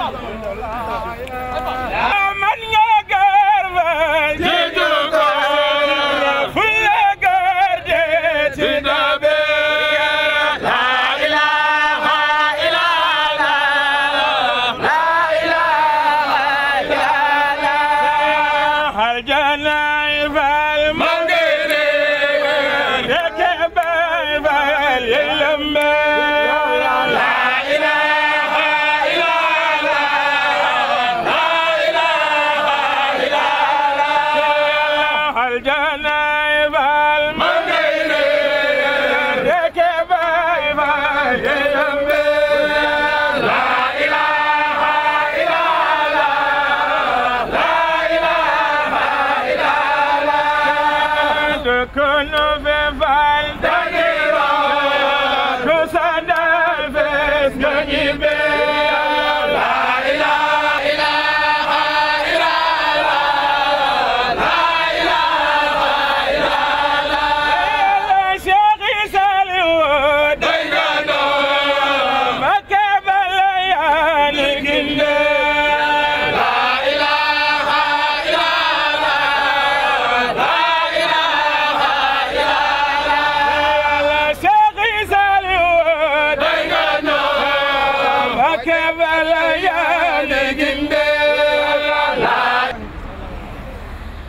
来吧，来吧。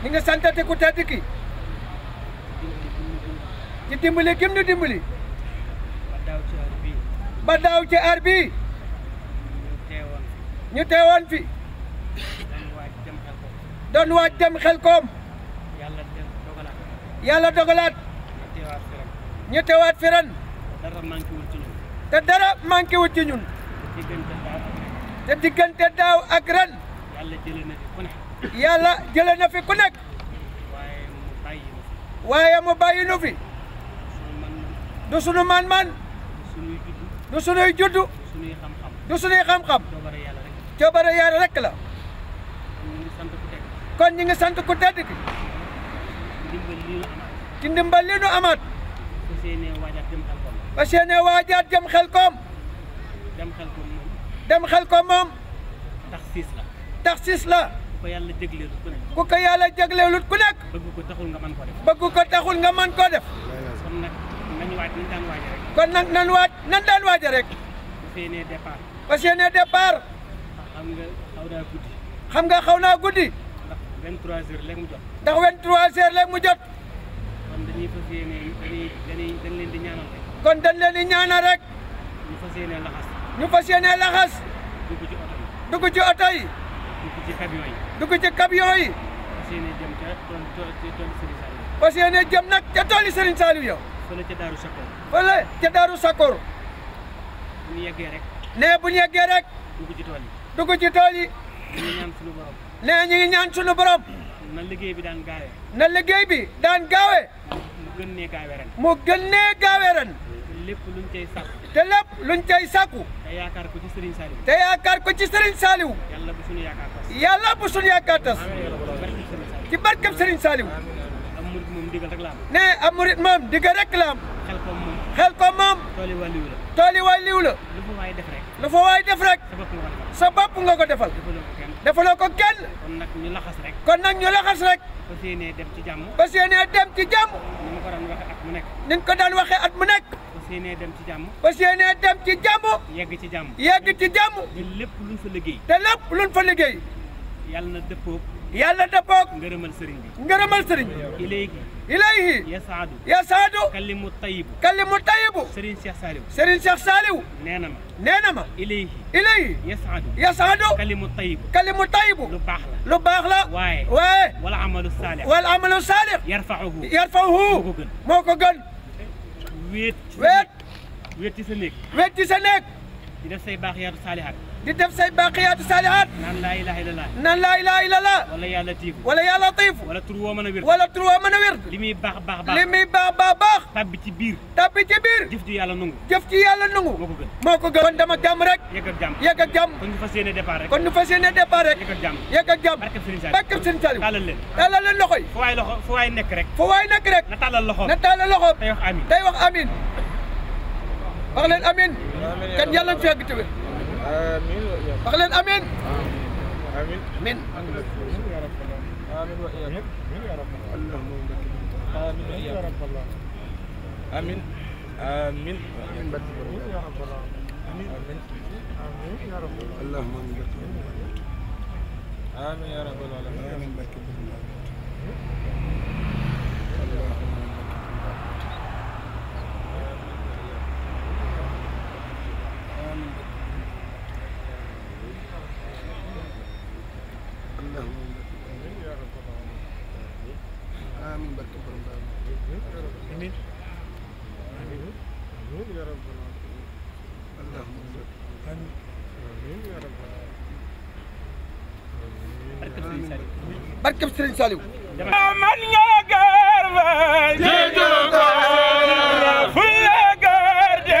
ñi nga santate ku tedd ki ci dimbali kim nu dimbali ba daaw ci ar bi ñu teewoon fi doon waaj dem xel koom yàlla dogalaat ñu teewaat fi ren te dara manqué wul ci ñun te diggante daaw ak ren. yàlla jëlee na fi ku nekk. yàlla waaye mu bàyyi fi. du sunu man-man. du sunuy judd. du sunuy xam-xam. coobare yàlla rek la. kon ñi ngi sant ku tedd ki. ci ndimbal li nu amaat. waajaat jëm xel koom. dem xel ko moom. dem xel tax siis la. tax siis la. ku ko yàlla jagleelut ku nekk. ku ko yàlla jagleelut nekk. bëgg ko taxul nga mën ko def. bëgg ko taxul nga man koo def. kon nag nañu waaj nañ daan nan waaj nan daan waaje rek. fas yéenee départ. fas yéenee départ. xam nga xaw naa guddi. xam nga xaw naa guddi. ndax 23 heures léegi mu jot. ndax 23 heures léegi mu jot. kon dañuy fas yéenee rek. ñu fas yéene laxas dugg ci oto yi dugg ci oto jëm nag ca tooli Serigne Saliou yow fële ca Daaru Sakor fële ca Daaru Sakor bu ñu yeggee rek nee bu ci tool ñaan sunu borom na liggéey bi daan gaawee na liggéey bi daan gaawee mu gën nee gaawee lépp luñ cay sàkku. te lépp luñ cay sàkku. te yaakaar ko ci Serigne Saliou. te yaakaar ko ci Serigne Saliou. yàlla bu sunu yaakaar ci barkeb Serigne Saliou. am murit moom digal rek la la am. xel ko moom. xel ko lu fa waay def rek. lu sa bopp nga ko defal. defaloo ko kenn. kon nag ñu laxas rek. kon nag ñu laxas rek. fas yéenee dem ci jàmm. fas yéenee dem ci jàmm. ko daan waxee at mu nekk. yéenee dem ci jàmm. fas yéenee dem ci jàmm. yegg ci jàmm. yegg ci jàmm. te lépp luñ fa liggéey. te lépp luñ fa liggéey. yàlla na dëppoo. yàlla dëppoo. ngërëmal sëriñ bi. ngërëmal sëriñ bi. lu baax la. lu baax la. waaye. waaye. wal amalu saalix. wal amalu moo ko gën. wéet. wéet. wéet ci sa néeg. wéet ci sa néeg. di def say baaxiyaatu saalihaat. di def say baaxiyaatu saalihaat. naan laa ilaaha illallah. laa ilaaha illallah. wala yàlla tiif. wala yàlla tiif. wala tur woo a wér. wala tur a wér. li baax baax baax. tabbi ci tabbi ci biir. jëf ji yàlla nangu. jëf moo ko gën moo ko rek. yegg ak jàmm kon ñu fas yéene départ rek. rek. yegg ak jàmm yegg ak jàmm. barkeb Serigne Saliou barkeb Serigne Saliou. tàllal leen tàllal leen loxo yi. fu waay na tàllal loxoom na tàllal loxoom. tey wax amiin tey wax amiin. wax leen amin kan yàlla fi yàgg te wér wax leen amin amin amin amin amin barkeb Serigne Saliou man nga gar way jiitu ko fulla gar de